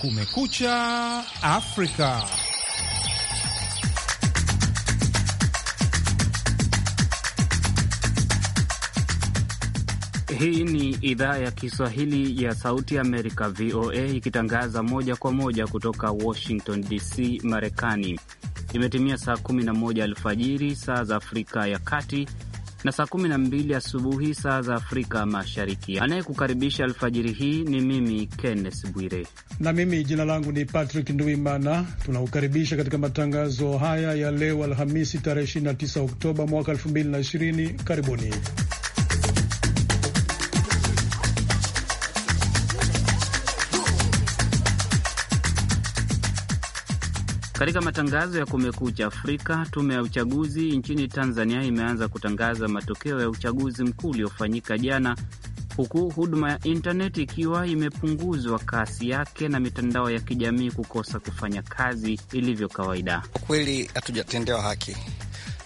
Kumekucha Afrika. Hii ni idhaa ya Kiswahili ya Sauti Amerika, VOA, ikitangaza moja kwa moja kutoka Washington DC, Marekani. Imetimia saa 11 alfajiri saa za Afrika ya Kati na saa mbili asubuhi saa za Afrika Mashariki. Anayekukaribisha alfajiri hii ni mimi Kenneth Bwire, na mimi jina langu ni Patrick Nduimana. Tunakukaribisha katika matangazo haya ya leo Alhamisi, tarehe 29 Oktoba mwaka 2020. Karibuni. Katika matangazo ya Kumekucha Afrika, tume ya uchaguzi nchini Tanzania imeanza kutangaza matokeo ya uchaguzi mkuu uliofanyika jana, huku huduma ya intaneti ikiwa imepunguzwa kasi yake na mitandao ya kijamii kukosa kufanya kazi ilivyo kawaida. Kwa kweli hatujatendewa haki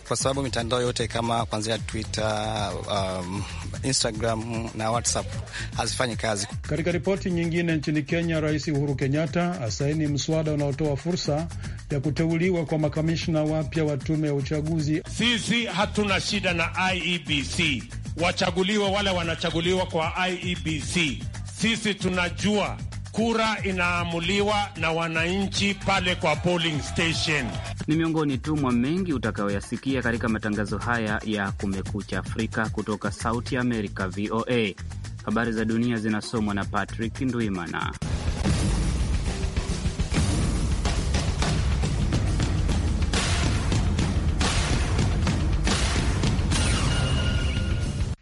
kwa sababu mitandao yote kama kuanzia Twitter, um, Instagram na WhatsApp hazifanyi kazi. Katika ripoti nyingine, nchini Kenya, Rais Uhuru Kenyatta asaini mswada unaotoa fursa ya kuteuliwa kwa makamishna wapya wa tume ya uchaguzi. Sisi hatuna shida na IEBC, wachaguliwe wale wanachaguliwa kwa IEBC. Sisi tunajua kura inaamuliwa na wananchi pale kwa polling station. Ni miongoni tu mwa mengi utakayoyasikia katika matangazo haya ya Kumekucha Afrika kutoka Sauti ya Amerika, VOA. Habari za dunia zinasomwa na Patrick Ndwimana.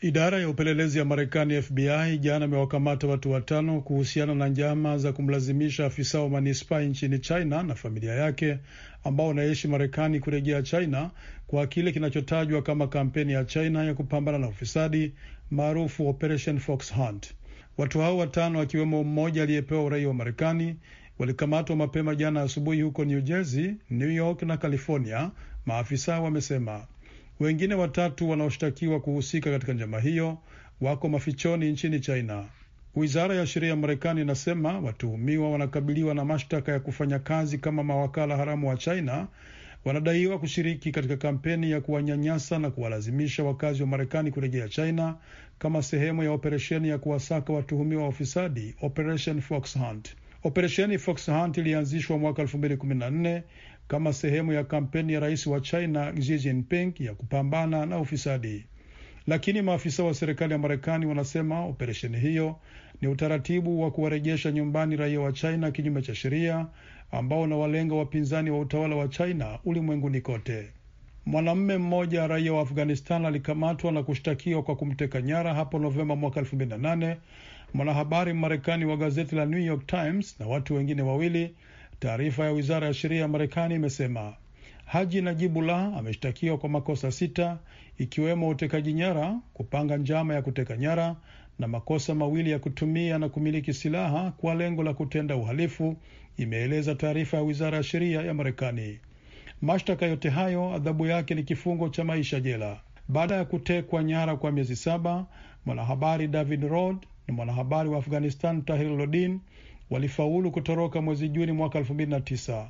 Idara ya upelelezi ya Marekani, FBI, jana amewakamata watu watano kuhusiana na njama za kumlazimisha afisa wa manispaa nchini China na familia yake ambao wanaishi Marekani kurejea China kwa kile kinachotajwa kama kampeni ya China ya kupambana na ufisadi maarufu Operation Fox Hunt. Watu hao watano akiwemo mmoja aliyepewa uraia wa Marekani walikamatwa mapema jana asubuhi huko New Jersey, New York na California, maafisa wamesema. Wengine watatu wanaoshtakiwa kuhusika katika njama hiyo wako mafichoni nchini China. Wizara ya sheria ya Marekani inasema watuhumiwa wanakabiliwa na mashtaka ya kufanya kazi kama mawakala haramu wa China. Wanadaiwa kushiriki katika kampeni ya kuwanyanyasa na kuwalazimisha wakazi wa Marekani kurejea China kama sehemu ya operesheni ya kuwasaka watuhumiwa wa ufisadi, Operation Fox Hunt. Operesheni Fox Hunt ilianzishwa mwaka kama sehemu ya kampeni ya rais wa China Xi Jinping ya kupambana na ufisadi. Lakini maafisa wa serikali ya Marekani wanasema operesheni hiyo ni utaratibu wa kuwarejesha nyumbani raia wa China kinyume cha sheria ambao unawalenga wapinzani wa utawala wa China ulimwenguni kote. Mwanamume mmoja raia wa Afghanistan alikamatwa na kushtakiwa kwa kumteka nyara hapo Novemba mwaka 2008 mwanahabari Marekani wa gazeti la New York Times na watu wengine wawili Taarifa ya wizara ya sheria ya Marekani imesema Haji Najibullah ameshtakiwa kwa makosa sita ikiwemo utekaji nyara, kupanga njama ya kuteka nyara na makosa mawili ya kutumia na kumiliki silaha kwa lengo la kutenda uhalifu, imeeleza taarifa ya wizara ya sheria ya Marekani. Mashtaka yote hayo adhabu yake ni kifungo cha maisha jela. Baada ya kutekwa nyara kwa miezi saba, mwanahabari David Rod na mwanahabari wa Afghanistan Tahir Lodin walifaulu kutoroka mwezi Juni mwaka 2009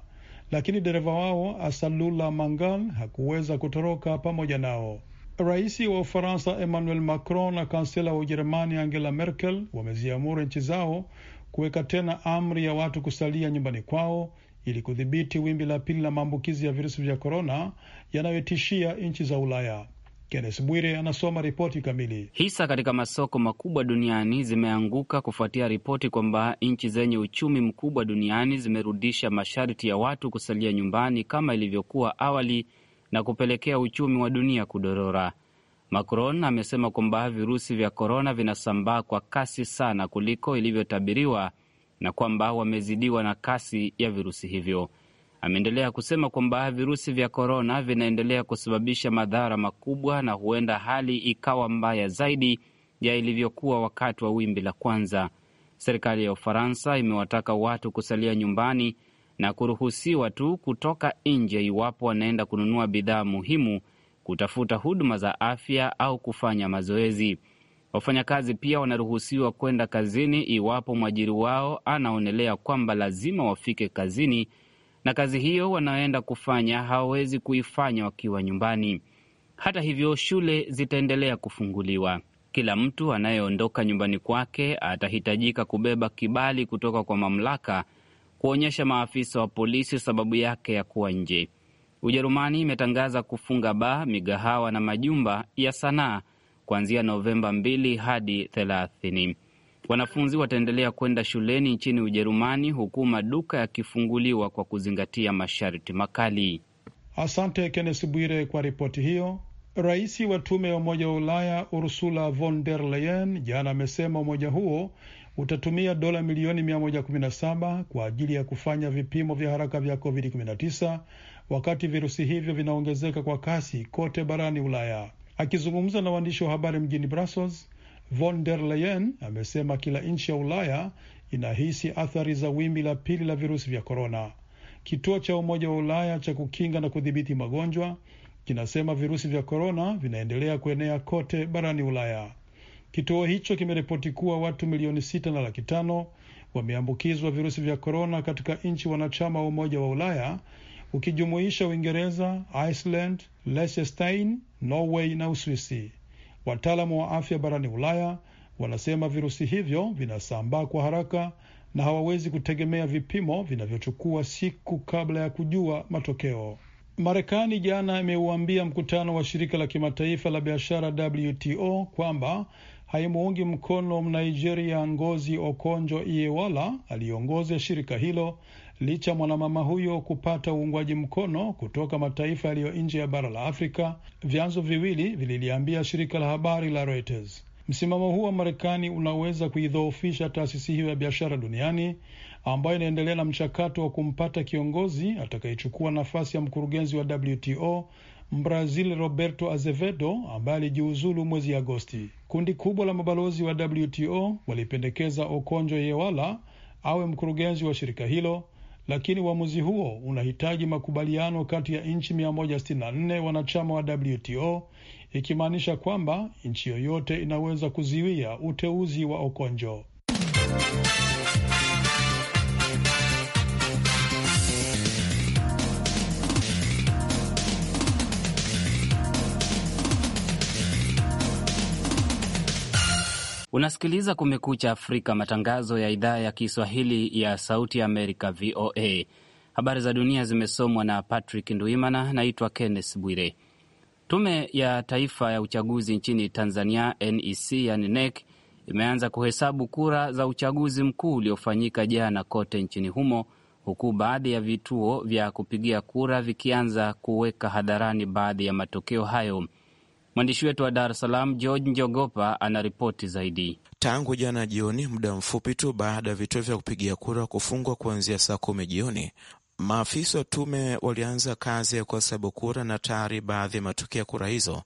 lakini dereva wao Asalula Mangan hakuweza kutoroka pamoja nao. Rais wa Ufaransa Emmanuel Macron na kansela wa Ujerumani Angela Merkel wameziamuru nchi zao kuweka tena amri ya watu kusalia nyumbani kwao ili kudhibiti wimbi la pili la maambukizi ya virusi vya korona yanayotishia nchi za Ulaya. Kennes Bwire anasoma ripoti kamili. Hisa katika masoko makubwa duniani zimeanguka kufuatia ripoti kwamba nchi zenye uchumi mkubwa duniani zimerudisha masharti ya watu kusalia nyumbani kama ilivyokuwa awali na kupelekea uchumi wa dunia kudorora. Macron amesema kwamba virusi vya korona vinasambaa kwa kasi sana kuliko ilivyotabiriwa na kwamba wamezidiwa na kasi ya virusi hivyo. Ameendelea kusema kwamba virusi vya korona vinaendelea kusababisha madhara makubwa na huenda hali ikawa mbaya zaidi ya ilivyokuwa wakati wa wimbi la kwanza. Serikali ya Ufaransa imewataka watu kusalia nyumbani na kuruhusiwa tu kutoka nje iwapo wanaenda kununua bidhaa muhimu, kutafuta huduma za afya au kufanya mazoezi. Wafanyakazi pia wanaruhusiwa kwenda kazini iwapo mwajiri wao anaonelea kwamba lazima wafike kazini na kazi hiyo wanaoenda kufanya hawawezi kuifanya wakiwa nyumbani. Hata hivyo, shule zitaendelea kufunguliwa. Kila mtu anayeondoka nyumbani kwake atahitajika kubeba kibali kutoka kwa mamlaka kuonyesha maafisa wa polisi sababu yake ya kuwa nje. Ujerumani imetangaza kufunga baa, migahawa na majumba ya sanaa kuanzia Novemba 2 hadi 30. Wanafunzi wataendelea kwenda shuleni nchini Ujerumani, huku maduka yakifunguliwa kwa kuzingatia masharti makali. Asante Kennes Bwire kwa ripoti hiyo. Rais wa tume ya Umoja wa Ulaya Ursula von der Leyen jana amesema umoja huo utatumia dola milioni 117 kwa ajili ya kufanya vipimo vya haraka vya COVID-19 wakati virusi hivyo vinaongezeka kwa kasi kote barani Ulaya. Akizungumza na waandishi wa habari mjini Brussels, Von der Leyen amesema kila nchi ya Ulaya inahisi athari za wimbi la pili la virusi vya korona. Kituo cha Umoja wa Ulaya cha kukinga na kudhibiti magonjwa kinasema virusi vya korona vinaendelea kuenea kote barani Ulaya. Kituo hicho kimeripoti kuwa watu milioni sita na laki tano wameambukizwa virusi vya korona katika nchi wanachama wa Umoja wa Ulaya, ukijumuisha Uingereza, Iceland, Liechtenstein, Norway na Uswisi. Wataalamu wa afya barani Ulaya wanasema virusi hivyo vinasambaa kwa haraka na hawawezi kutegemea vipimo vinavyochukua siku kabla ya kujua matokeo. Marekani jana imeuambia mkutano wa shirika la kimataifa la biashara WTO kwamba haimuungi mkono Mnigeria Ngozi Okonjo Iweala aliyeongoza shirika hilo licha ya mwanamama huyo kupata uungwaji mkono kutoka mataifa yaliyo nje ya bara la Afrika, vyanzo viwili vililiambia shirika la habari la Reuters. Msimamo huu wa Marekani unaweza kuidhoofisha taasisi hiyo ya biashara duniani ambayo inaendelea na mchakato wa kumpata kiongozi atakayechukua nafasi ya mkurugenzi wa WTO Mbrazil Roberto Azevedo ambaye alijiuzulu mwezi Agosti. Kundi kubwa la mabalozi wa WTO walipendekeza Okonjo Yewala awe mkurugenzi wa shirika hilo lakini uamuzi huo unahitaji makubaliano kati ya nchi 164 wanachama wa WTO, ikimaanisha kwamba nchi yoyote inaweza kuziwia uteuzi wa Okonjo. Unasikiliza Kumekucha Afrika, matangazo ya idhaa ya Kiswahili ya Sauti ya Amerika, VOA. Habari za dunia zimesomwa na Patrick Nduimana. Naitwa Kenneth Bwire. Tume ya Taifa ya Uchaguzi nchini Tanzania, NEC yani NEC, imeanza kuhesabu kura za uchaguzi mkuu uliofanyika jana kote nchini humo, huku baadhi ya vituo vya kupigia kura vikianza kuweka hadharani baadhi ya matokeo hayo Mwandishi wetu wa Dar es Salaam George Njogopa anaripoti zaidi. Tangu jana jioni, muda mfupi tu baada ya vituo vya kupigia kura kufungwa kuanzia saa kumi jioni, maafisa wa tume walianza kazi ya kuhesabu kura, na tayari baadhi ya matokeo ya kura hizo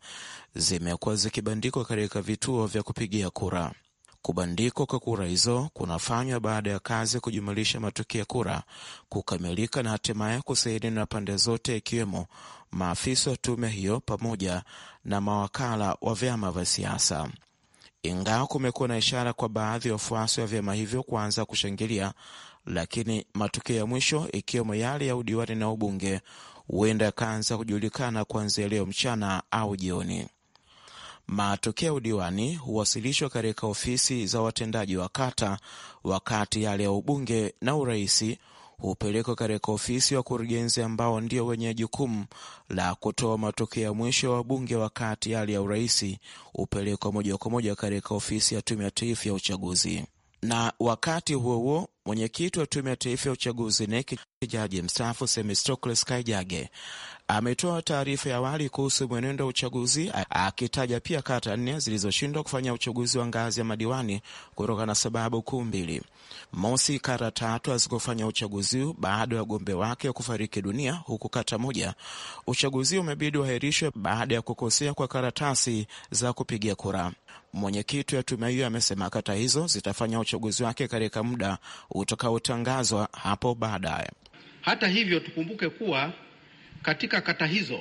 zimekuwa zikibandikwa katika vituo vya kupigia kura. Kubandikwa kwa kura hizo kunafanywa baada ya kazi ya kujumulisha matokeo ya kura kukamilika na hatimaye kusaini na pande zote, ikiwemo maafisa wa tume hiyo pamoja na mawakala wa vyama vya siasa. Ingawa kumekuwa na ishara kwa baadhi ya wafuasi wa vyama hivyo kuanza kushangilia, lakini matokeo ya mwisho ikiwemo yale ya udiwani na ubunge huenda yakaanza kujulikana kuanzia leo mchana au jioni. Matokeo ya udiwani huwasilishwa katika ofisi za watendaji wa kata, wakati yale ya ubunge na uraisi hupelekwa katika ofisi ya wakurugenzi ambao ndio wenye jukumu la kutoa matokeo ya mwisho ya wabunge, wakati yale ya uraisi hupelekwa moja kwa moja katika ofisi ya Tume ya Taifa ya Uchaguzi. Na wakati huo huo Mwenyekiti wa Tume ya Taifa ya Uchaguzi NEC Jaji mstaafu Semistocles Kaijage ametoa taarifa ya awali kuhusu mwenendo wa uchaguzi akitaja pia kata nne zilizoshindwa kufanya uchaguzi wa ngazi ya madiwani kutokana na sababu kuu mbili. Mosi, kata tatu hazikufanya uchaguzi baada ya wagombe wake kufariki dunia, huku kata moja uchaguzi umebidi uahirishwe baada ya kukosea kwa karatasi za kupigia kura. Mwenyekiti wa tume hiyo amesema kata hizo zitafanya uchaguzi wake katika muda utakaotangazwa hapo baadaye. Hata hivyo, tukumbuke kuwa katika kata hizo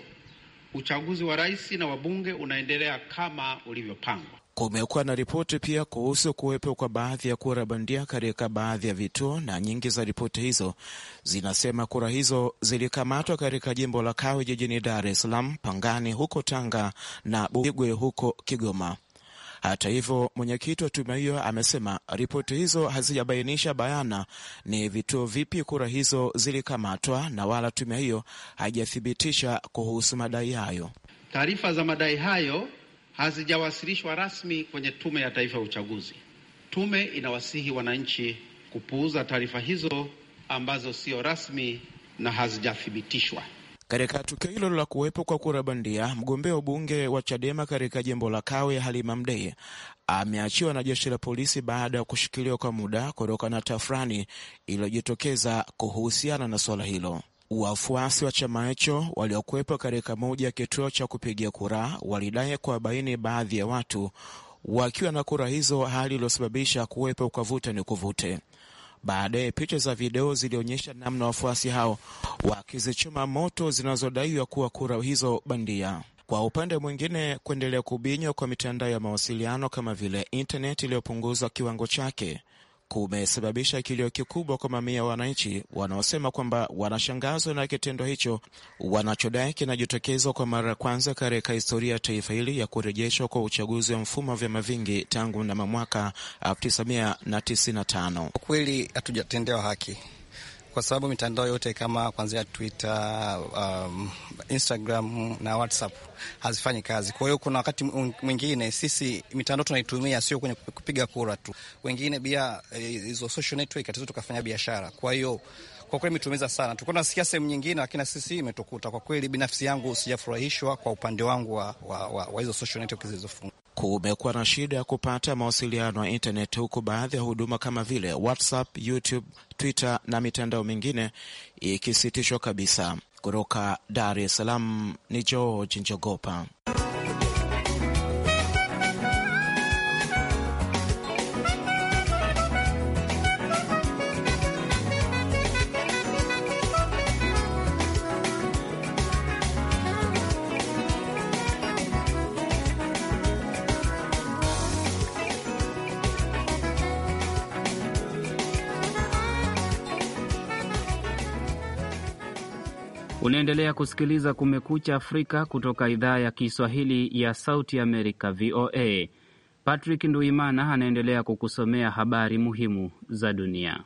uchaguzi wa rais na wabunge unaendelea kama ulivyopangwa. Kumekuwa na ripoti pia kuhusu kuwepo kwa baadhi ya kura bandia katika baadhi ya vituo, na nyingi za ripoti hizo zinasema kura hizo zilikamatwa katika jimbo la Kawe jijini Dar es Salaam, Pangani huko Tanga na Bugwe huko Kigoma. Hata hivyo, mwenyekiti wa tume hiyo amesema ripoti hizo hazijabainisha bayana ni vituo vipi kura hizo zilikamatwa na wala tume hiyo haijathibitisha kuhusu madai hayo. Taarifa za madai hayo hazijawasilishwa rasmi kwenye Tume ya Taifa ya Uchaguzi. Tume inawasihi wananchi kupuuza taarifa hizo ambazo sio rasmi na hazijathibitishwa. Katika tukio hilo la kuwepo kwa kura bandia, mgombea wa ubunge wa Chadema katika jimbo la Kawe Halima Mdee ameachiwa na jeshi la polisi baada ya kushikiliwa kwa muda kutokana na tafrani iliyojitokeza kuhusiana na suala hilo. Wafuasi wa chama hicho waliokuwepo katika moja ya kituo cha kupigia kura walidai kuwabaini baadhi ya watu wakiwa na kura hizo, hali iliyosababisha kuwepo kwa vuta ni kuvute. Baadaye picha za video zilionyesha namna wafuasi hao wakizichoma moto zinazodaiwa kuwa kura hizo bandia. Kwa upande mwingine, kuendelea kubinywa kwa mitandao ya mawasiliano kama vile intaneti iliyopunguzwa kiwango chake kumesababisha kilio kikubwa kwa mamia wananchi wanaosema kwamba wanashangazwa na kitendo hicho wanachodai kinajitokeza kwa mara ya kwanza katika historia ya taifa hili ya kurejeshwa kwa uchaguzi wa mfumo wa vyama vingi tangu mnamo mwaka 1995. Ah, kweli hatujatendewa haki kwa sababu mitandao yote kama kuanzia Twitter, um, Instagram na WhatsApp hazifanyi kazi. Kwa hiyo kuna wakati mwingine sisi mitandao tunaitumia sio kwenye kupiga kura tu, wengine bia eh, hizo social network hatuzo tukafanya biashara. Kwa hiyo kwa kweli imetumiza sana, tulikuwa tunasikia sehemu nyingine, lakini sisi imetukuta kwa kweli. Binafsi yangu sijafurahishwa kwa upande wangu wa, wa, wa, wa hizo social network zilizofungwa kumekuwa na shida ya kupata mawasiliano ya intaneti, huku baadhi ya huduma kama vile WhatsApp, YouTube, Twitter na mitandao mingine ikisitishwa kabisa. Kutoka Dar es Salaam ni George Njogopa. Unaendelea kusikiliza Kumekucha Afrika kutoka idhaa ya Kiswahili ya Sauti Amerika, VOA. Patrick Nduimana anaendelea kukusomea habari muhimu za dunia.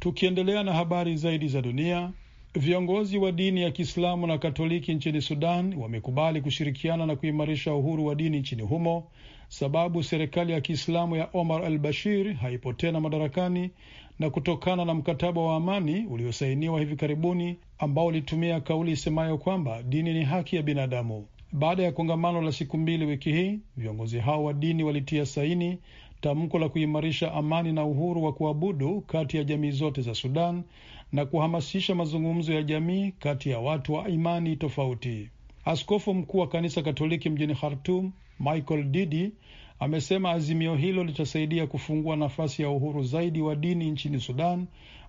Tukiendelea na habari zaidi za dunia, viongozi wa dini ya Kiislamu na Katoliki nchini Sudan wamekubali kushirikiana na kuimarisha uhuru wa dini nchini humo sababu serikali ya Kiislamu ya Omar al Bashir haipo tena madarakani na kutokana na mkataba wa amani uliosainiwa hivi karibuni ambao ulitumia kauli isemayo kwamba dini ni haki ya binadamu. Baada ya kongamano la siku mbili wiki hii, viongozi hao wa dini walitia saini tamko la kuimarisha amani na uhuru wa kuabudu kati ya jamii zote za Sudan na kuhamasisha mazungumzo ya jamii kati ya watu wa imani tofauti. Askofu mkuu wa kanisa Katoliki mjini Khartum Michael Didi amesema azimio hilo litasaidia kufungua nafasi ya uhuru zaidi wa dini nchini Sudan,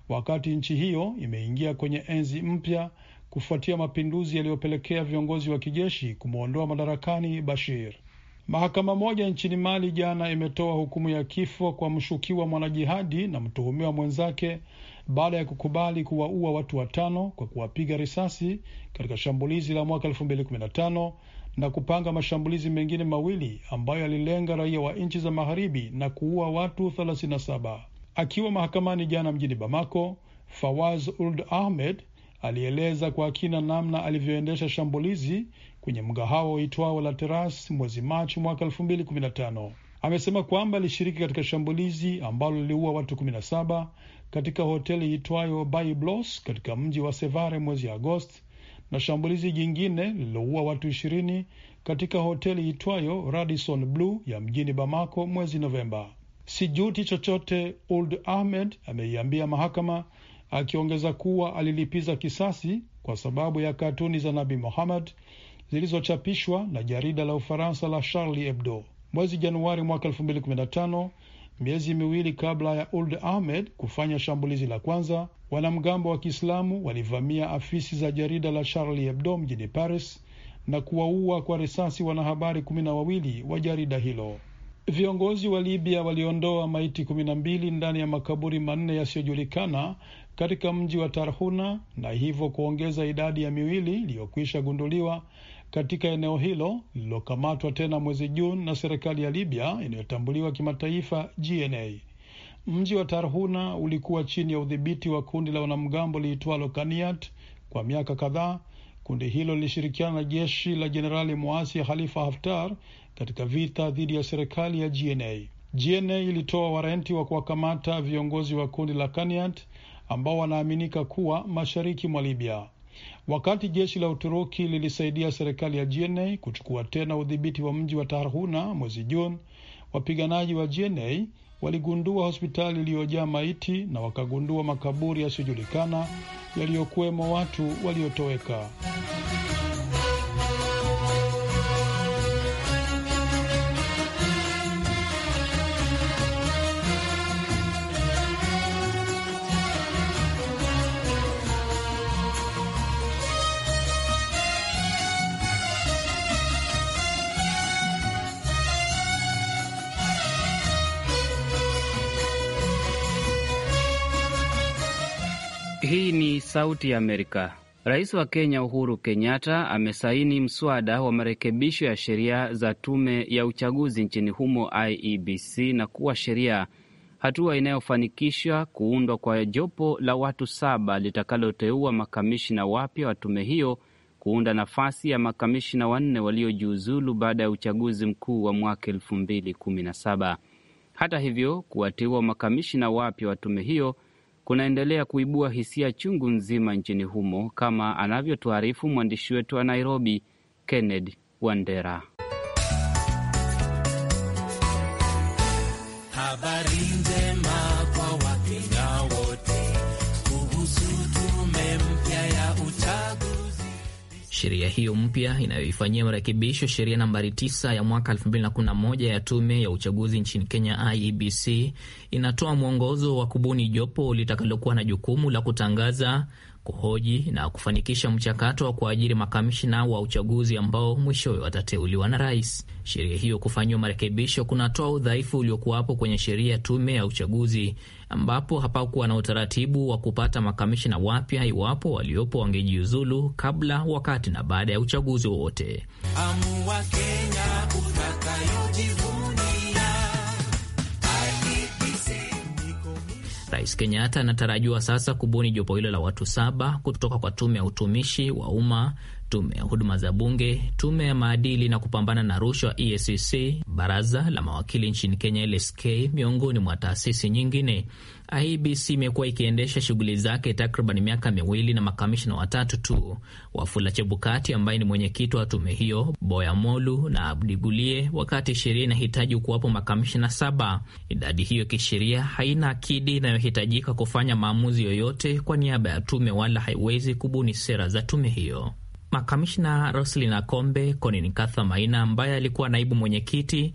wakati nchi hiyo imeingia kwenye enzi mpya kufuatia mapinduzi yaliyopelekea viongozi wa kijeshi kumwondoa madarakani Bashir. Mahakama moja nchini Mali jana imetoa hukumu ya kifo kwa mshukiwa mwanajihadi na mtuhumiwa mwenzake baada ya kukubali kuwaua watu watano kwa kuwapiga risasi katika shambulizi la mwaka na kupanga mashambulizi mengine mawili ambayo yalilenga raia wa nchi za magharibi na kuua watu 37. Akiwa mahakamani jana mjini Bamako, Fawaz Uld Ahmed alieleza kwa kina namna alivyoendesha shambulizi kwenye mgahawa uitwao La Terrace mwezi Machi mwaka 2015. Amesema kwamba alishiriki katika shambulizi ambalo liliua watu 17 katika hoteli iitwayo blos katika mji wa Sevare mwezi Agosti na shambulizi jingine lililoua watu ishirini katika hoteli itwayo Radisson Blue ya mjini Bamako mwezi Novemba. Sijuti chochote, uld Ahmed ameiambia mahakama, akiongeza kuwa alilipiza kisasi kwa sababu ya katuni za Nabi Muhammad zilizochapishwa na jarida la Ufaransa la Charlie Hebdo mwezi Januari mwaka 2015, miezi miwili kabla ya uld Ahmed kufanya shambulizi la kwanza Wanamgambo wa Kiislamu walivamia afisi za jarida la Charlie Hebdo mjini Paris na kuwaua kwa risasi wanahabari kumi na wawili wa jarida hilo. Viongozi wa Libya waliondoa maiti kumi na mbili ndani ya makaburi manne yasiyojulikana katika mji wa Tarhuna na hivyo kuongeza idadi ya miwili iliyokwisha gunduliwa katika eneo hilo lililokamatwa tena mwezi Juni na serikali ya Libya inayotambuliwa kimataifa GNA. Mji wa Tarhuna ulikuwa chini ya udhibiti wa kundi la wanamgambo liitwalo Kaniat kwa miaka kadhaa. Kundi hilo lilishirikiana na jeshi la jenerali muasi Khalifa Haftar katika vita dhidi ya serikali ya GNA. GNA ilitoa warenti wa kuwakamata viongozi wa kundi la Kaniat ambao wanaaminika kuwa mashariki mwa Libya. Wakati jeshi la Uturuki lilisaidia serikali ya GNA kuchukua tena udhibiti wa mji wa Tarhuna mwezi Juni, wapiganaji wa GNA waligundua hospitali iliyojaa maiti na wakagundua makaburi yasiyojulikana yaliyokuwemo watu waliotoweka. Sauti ya Amerika. Rais wa Kenya Uhuru Kenyatta amesaini mswada wa marekebisho ya sheria za tume ya uchaguzi nchini humo IEBC na kuwa sheria, hatua inayofanikisha kuundwa kwa jopo la watu saba litakaloteua makamishina wapya wa tume hiyo kuunda nafasi ya makamishina wanne waliojiuzulu baada ya uchaguzi mkuu wa mwaka elfu mbili kumi na saba. Hata hivyo, kuwateua makamishina wapya wa tume hiyo kunaendelea kuibua hisia chungu nzima nchini humo, kama anavyotuarifu mwandishi wetu wa Nairobi, Kenneth Wandera. Sheria hiyo mpya inayoifanyia marekebisho sheria nambari 9 ya mwaka 2011 ya tume ya uchaguzi nchini Kenya, IEBC, inatoa mwongozo wa kubuni jopo litakalokuwa na jukumu la kutangaza kuhoji na kufanikisha mchakato wa kuajiri makamishina wa uchaguzi ambao mwishowe watateuliwa na rais. Sheria hiyo kufanyiwa marekebisho kunatoa udhaifu uliokuwapo kwenye sheria ya tume ya uchaguzi, ambapo hapakuwa na utaratibu wa kupata makamishina wapya iwapo waliopo wangejiuzulu kabla, wakati na baada ya uchaguzi wowote. Rais Kenyatta anatarajiwa sasa kubuni jopo hilo la watu saba kutoka kwa tume ya utumishi wa umma tume ya huduma za bunge, tume ya maadili na kupambana na rushwa EACC, e baraza la mawakili nchini Kenya LSK, miongoni mwa taasisi nyingine. IBC e imekuwa ikiendesha shughuli zake takriban miaka miwili na makamishna watatu tu. Wafula Chebukati ambaye ni mwenyekiti wa tume hiyo, Boya Molu na Abdigulie, wakati sheria inahitaji kuwapo makamishna saba. Idadi hiyo kisheria haina akidi inayohitajika kufanya maamuzi yoyote kwa niaba ya tume wala haiwezi kubuni sera za tume hiyo. Makamishna Roslin Akombe, Konini Katha Maina ambaye alikuwa naibu mwenyekiti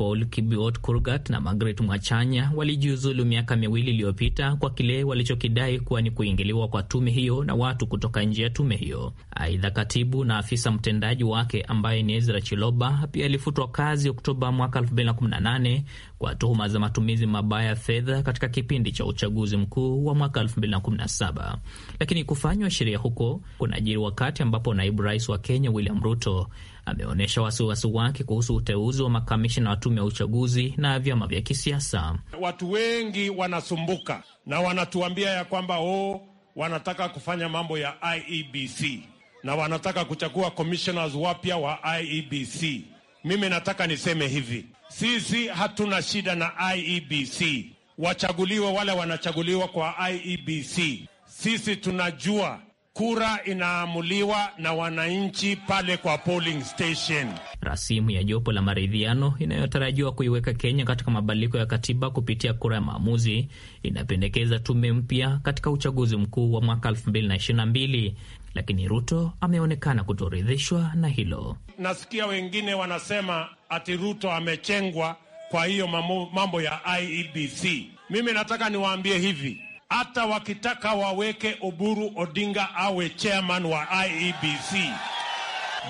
Paul Kibiot Kurgat na Margaret Mwachanya walijiuzulu miaka miwili iliyopita kwa kile walichokidai kuwa ni kuingiliwa kwa tume hiyo na watu kutoka nje ya tume hiyo. Aidha, katibu na afisa mtendaji wake ambaye ni Ezra Chiloba pia alifutwa kazi Oktoba mwaka 2018 kwa tuhuma za matumizi mabaya ya fedha katika kipindi cha uchaguzi mkuu wa mwaka 2017. Lakini kufanywa sheria huko kunajiri wakati ambapo naibu rais wa Kenya William Ruto ameonyesha wasiwasi wake kuhusu uteuzi wa makamishina wa tume ya uchaguzi na vyama vya kisiasa. Watu wengi wanasumbuka na wanatuambia ya kwamba o, oh, wanataka kufanya mambo ya IEBC na wanataka kuchagua commissioners wapya wa IEBC. Mimi nataka niseme hivi, sisi hatuna shida na IEBC, wachaguliwe wale wanachaguliwa kwa IEBC. Sisi tunajua Kura inaamuliwa na wananchi pale kwa polling station. Rasimu ya jopo la maridhiano inayotarajiwa kuiweka Kenya katika mabadiliko ya katiba kupitia kura ya maamuzi inapendekeza tume mpya katika uchaguzi mkuu wa mwaka 2022, lakini Ruto ameonekana kutoridhishwa na hilo. Nasikia wengine wanasema ati Ruto amechengwa kwa hiyo mambo ya IEBC. Mimi nataka niwaambie hivi hata wakitaka waweke Oburu Odinga awe chairman wa IEBC,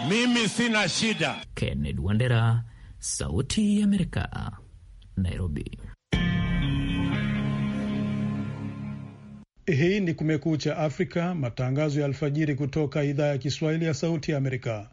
mimi sina shida. Kennedy Wandera, Sauti ya Amerika, Nairobi. Hii ni Kumekucha Afrika, matangazo ya alfajiri kutoka idhaa ya Kiswahili ya Sauti ya Amerika.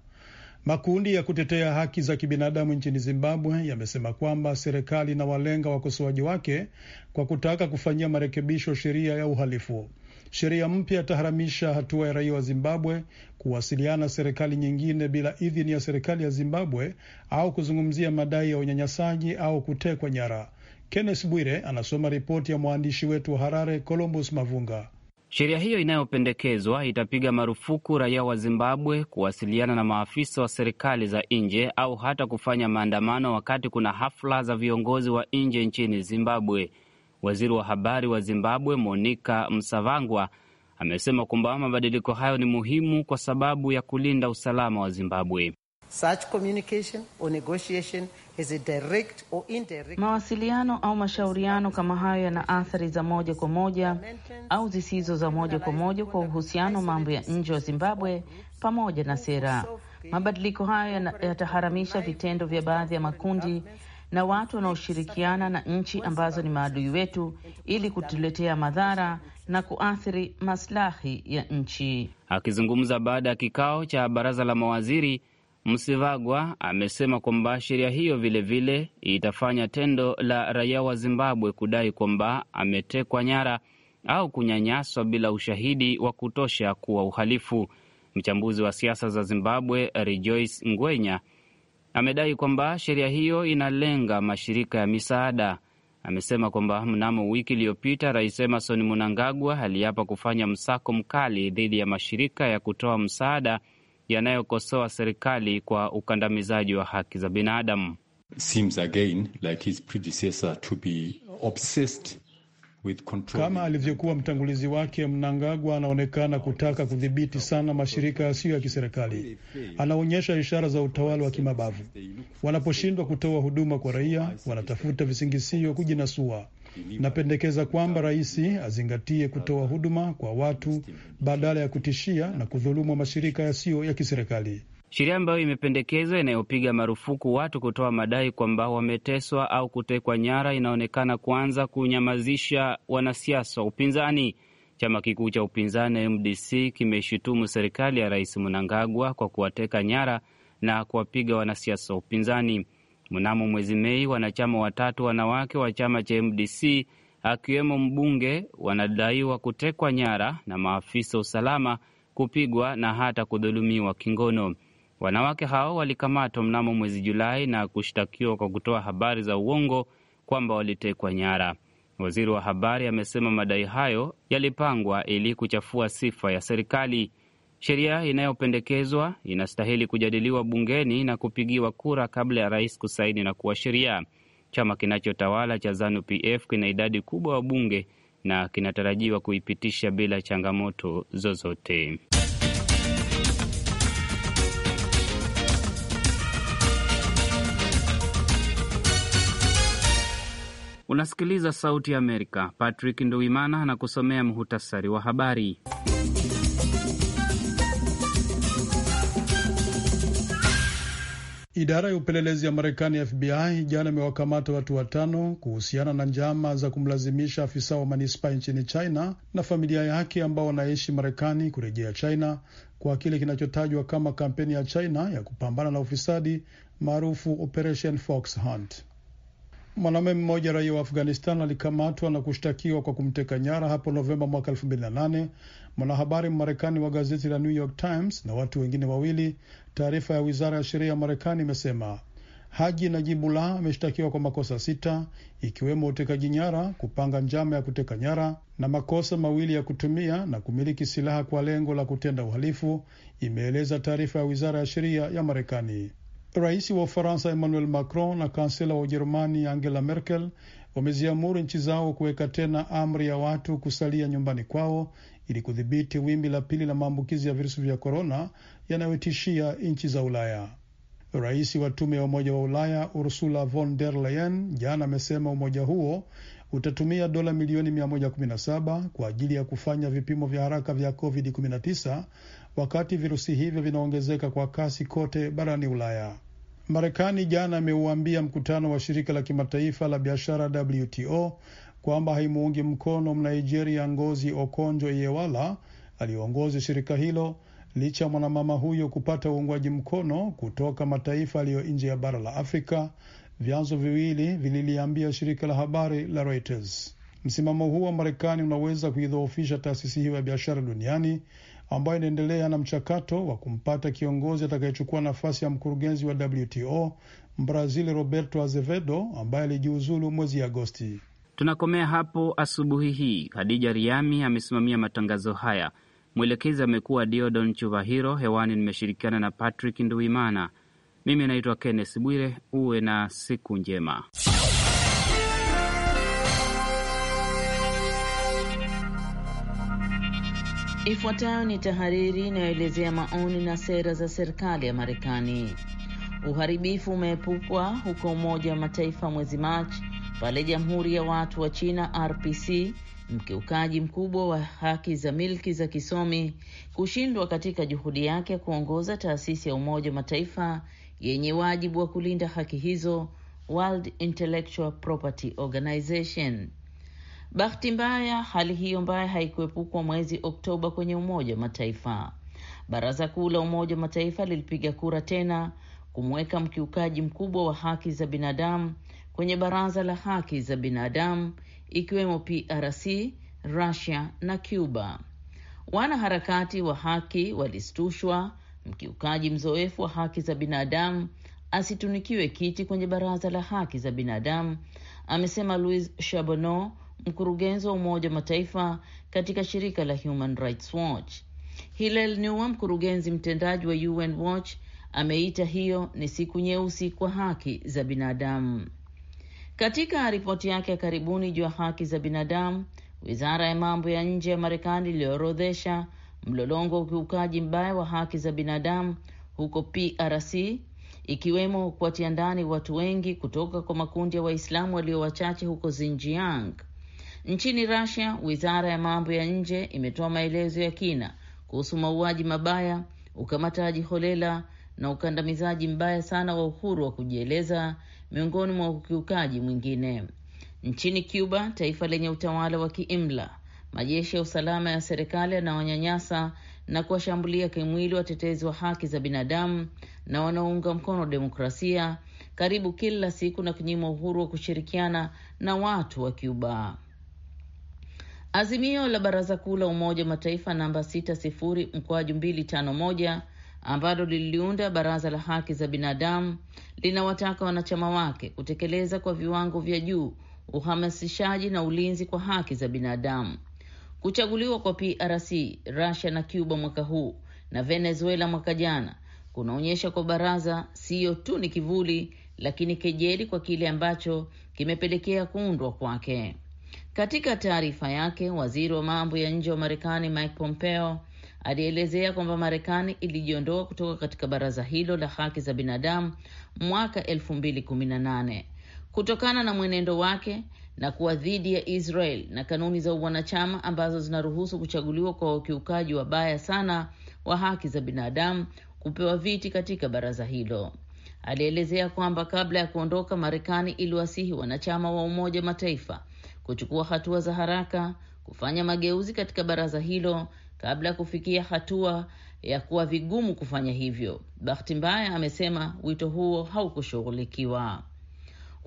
Makundi ya kutetea haki za kibinadamu nchini Zimbabwe yamesema kwamba serikali inawalenga wakosoaji wake kwa kutaka kufanyia marekebisho sheria ya uhalifu. Sheria mpya yataharamisha hatua ya raia wa Zimbabwe kuwasiliana serikali nyingine bila idhini ya serikali ya Zimbabwe au kuzungumzia madai ya unyanyasaji au kutekwa nyara. Kenneth Bwire anasoma ripoti ya mwandishi wetu wa Harare, Columbus Mavunga. Sheria hiyo inayopendekezwa itapiga marufuku raia wa Zimbabwe kuwasiliana na maafisa wa serikali za nje au hata kufanya maandamano wakati kuna hafla za viongozi wa nje nchini Zimbabwe. Waziri wa habari wa Zimbabwe Monica Msavangwa amesema kwamba mabadiliko hayo ni muhimu kwa sababu ya kulinda usalama wa Zimbabwe. Such communication or negotiation is a direct or indirect... mawasiliano au mashauriano kama hayo yana athari za moja kwa moja au zisizo za moja kwa moja kwa uhusiano mambo ya nje wa Zimbabwe pamoja na sera. Mabadiliko hayo yataharamisha vitendo vya baadhi ya makundi na watu wanaoshirikiana na nchi ambazo ni maadui wetu ili kutuletea madhara na kuathiri maslahi ya nchi. Akizungumza baada ya kikao cha baraza la mawaziri Msivagwa amesema kwamba sheria hiyo vilevile vile itafanya tendo la raia wa Zimbabwe kudai kwamba ametekwa nyara au kunyanyaswa bila ushahidi wa kutosha kuwa uhalifu. Mchambuzi wa siasa za Zimbabwe Rejoice Ngwenya amedai kwamba sheria hiyo inalenga mashirika ya misaada. Amesema kwamba mnamo wiki iliyopita Rais Emerson Mnangagwa aliapa kufanya msako mkali dhidi ya mashirika ya kutoa msaada yanayokosoa serikali kwa ukandamizaji wa haki za binadamu. Kama alivyokuwa mtangulizi wake, Mnangagwa anaonekana kutaka kudhibiti sana mashirika yasiyo ya kiserikali. Anaonyesha ishara za utawala wa kimabavu. Wanaposhindwa kutoa huduma kwa raia, wanatafuta visingisio kujinasua. Napendekeza kwamba rais azingatie kutoa huduma kwa watu badala ya kutishia na kudhulumu mashirika yasiyo ya kiserikali. Sheria ambayo imependekezwa inayopiga marufuku watu kutoa madai kwamba wameteswa au kutekwa nyara inaonekana kuanza kunyamazisha wanasiasa wa upinzani. Chama kikuu cha upinzani MDC kimeshutumu serikali ya Rais Mnangagwa kwa kuwateka nyara na kuwapiga wanasiasa wa upinzani. Mnamo mwezi Mei, wanachama watatu wanawake wa chama cha MDC akiwemo mbunge wanadaiwa kutekwa nyara na maafisa usalama, kupigwa na hata kudhulumiwa kingono. Wanawake hao walikamatwa mnamo mwezi Julai na kushtakiwa kwa kutoa habari za uongo kwamba walitekwa nyara. Waziri wa habari amesema madai hayo yalipangwa ili kuchafua sifa ya serikali. Sheria inayopendekezwa inastahili kujadiliwa bungeni na kupigiwa kura kabla ya rais kusaini na kuwa sheria. Chama kinachotawala cha ZANU-PF kina idadi kubwa wa bunge na kinatarajiwa kuipitisha bila changamoto zozote. Unasikiliza Sauti ya Amerika. Patrick Nduimana anakusomea muhutasari wa habari. Idara ya upelelezi ya Marekani, FBI, jana imewakamata watu watano kuhusiana na njama za kumlazimisha afisa wa manispa nchini China na familia yake ambao wanaishi Marekani kurejea China kwa kile kinachotajwa kama kampeni ya China ya kupambana na ufisadi maarufu Operation Fox Hunt. Mwanaume mmoja raia wa Afghanistan alikamatwa na kushtakiwa kwa kumteka nyara hapo Novemba mwaka mwanahabari Mmarekani wa gazeti la New York Times na watu wengine wawili. Taarifa ya wizara ya sheria ya Marekani imesema Haji Najibullah ameshtakiwa kwa makosa sita ikiwemo utekaji nyara, kupanga njama ya kuteka nyara na makosa mawili ya kutumia na kumiliki silaha kwa lengo la kutenda uhalifu, imeeleza taarifa ya wizara ya sheria ya Marekani. Rais wa Ufaransa Emmanuel Macron na kansela wa Ujerumani Angela Merkel wameziamuru nchi zao kuweka tena amri ya watu kusalia nyumbani kwao ili kudhibiti wimbi la pili la maambukizi ya virusi vya korona yanayotishia nchi za Ulaya. Rais wa tume ya Umoja wa Ulaya Ursula von der Leyen jana amesema umoja huo utatumia dola milioni 117 kwa ajili ya kufanya vipimo vya haraka vya COVID-19 wakati virusi hivyo vinaongezeka kwa kasi kote barani Ulaya. Marekani jana ameuambia mkutano wa shirika la kimataifa la biashara WTO kwamba haimuungi mkono Mnigeria Ngozi Okonjo Iweala aliongozi shirika hilo licha ya mwanamama huyo kupata uungwaji mkono kutoka mataifa yaliyo nje ya bara la Afrika, vyanzo viwili vililiambia shirika la habari la Reuters. Msimamo huo wa Marekani unaweza kuidhoofisha taasisi hiyo ya biashara duniani ambayo inaendelea na mchakato wa kumpata kiongozi atakayechukua nafasi ya mkurugenzi wa WTO Mbrazili Roberto Azevedo ambaye alijiuzulu mwezi Agosti. Tunakomea hapo asubuhi hii. hadija Riami amesimamia matangazo haya, mwelekezi amekuwa Diodon Chuvahiro. Hewani nimeshirikiana na Patrick Nduimana. Mimi naitwa Kenneth Bwire. Uwe na siku njema. Ifuatayo ni tahariri inayoelezea maoni na sera za serikali ya Marekani. Uharibifu umeepukwa huko Umoja wa Mataifa mwezi Machi pale Jamhuri ya Watu wa China RPC mkiukaji mkubwa wa haki za milki za kisomi kushindwa katika juhudi yake ya kuongoza taasisi ya Umoja wa Mataifa yenye wajibu wa kulinda haki hizo, World Intellectual Property Organization. Bahati mbaya, hali hiyo mbaya haikuepukwa mwezi Oktoba kwenye Umoja wa Mataifa. Baraza Kuu la Umoja wa Mataifa lilipiga kura tena kumweka mkiukaji mkubwa wa haki za binadamu kwenye Baraza la Haki za Binadamu, ikiwemo PRC, Russia na Cuba. Wanaharakati wa haki walistushwa mkiukaji mzoefu wa haki za binadamu asitunikiwe kiti kwenye Baraza la Haki za Binadamu, amesema Louis Charbonneau, mkurugenzi wa Umoja wa Mataifa katika shirika la Human Rights Watch. Hillel Nua, mkurugenzi mtendaji wa UN Watch, ameita hiyo ni siku nyeusi kwa haki za binadamu. Katika ripoti yake ya karibuni juu ya haki za binadamu, wizara ya mambo ya nje ya Marekani iliyoorodhesha mlolongo wa ukiukaji mbaya wa haki za binadamu huko PRC ikiwemo kuwatia ndani watu wengi kutoka kwa makundi ya Waislamu walio wachache huko Xinjiang. Nchini Russia, wizara ya mambo ya nje imetoa maelezo ya kina kuhusu mauaji mabaya, ukamataji holela na ukandamizaji mbaya sana wa uhuru wa kujieleza miongoni mwa ukiukaji mwingine. Nchini Cuba, taifa lenye utawala wa kiimla, majeshi ya usalama ya serikali yanawanyanyasa na kuwashambulia kimwili watetezi wa haki za binadamu na wanaounga mkono demokrasia karibu kila siku na kunyima uhuru wa kushirikiana na watu wa Cuba. Azimio la Baraza Kuu la Umoja wa Mataifa namba 60 mkoaju 251 ambalo liliunda baraza la haki za binadamu linawataka wanachama wake kutekeleza kwa viwango vya juu uhamasishaji na ulinzi kwa haki za binadamu. Kuchaguliwa kwa PRC, Russia na Cuba mwaka huu na Venezuela mwaka jana kunaonyesha kwa baraza siyo tu ni kivuli, lakini kejeli kwa kile ambacho kimepelekea kuundwa kwake. Katika taarifa yake, waziri wa mambo ya nje wa Marekani Mike Pompeo alielezea kwamba Marekani ilijiondoa kutoka katika baraza hilo la haki za binadamu mwaka elfu kutokana na mwenendo wake na kuwa dhidi ya Israel na kanuni za uwanachama ambazo zinaruhusu kuchaguliwa kwa wakiukaji wabaya sana wa haki za binadamu kupewa viti katika baraza hilo. Alielezea kwamba kabla ya kuondoka, Marekani iliwasihi wanachama wa Umoja Mataifa kuchukua hatua za haraka kufanya mageuzi katika baraza hilo kabla ya kufikia hatua ya kuwa vigumu kufanya hivyo. Bahati mbaya, amesema wito huo haukushughulikiwa.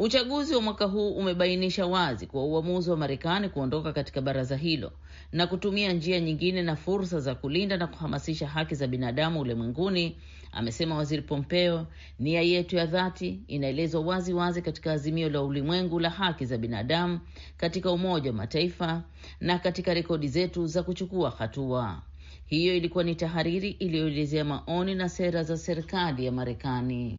Uchaguzi wa mwaka huu umebainisha wazi kuwa uamuzi wa Marekani kuondoka katika baraza hilo na kutumia njia nyingine na fursa za kulinda na kuhamasisha haki za binadamu ulimwenguni, amesema Waziri Pompeo. Nia yetu ya dhati inaelezwa wazi wazi katika azimio la ulimwengu la haki za binadamu katika Umoja wa Mataifa na katika rekodi zetu za kuchukua hatua. Hiyo ilikuwa ni tahariri iliyoelezea maoni na sera za serikali ya Marekani.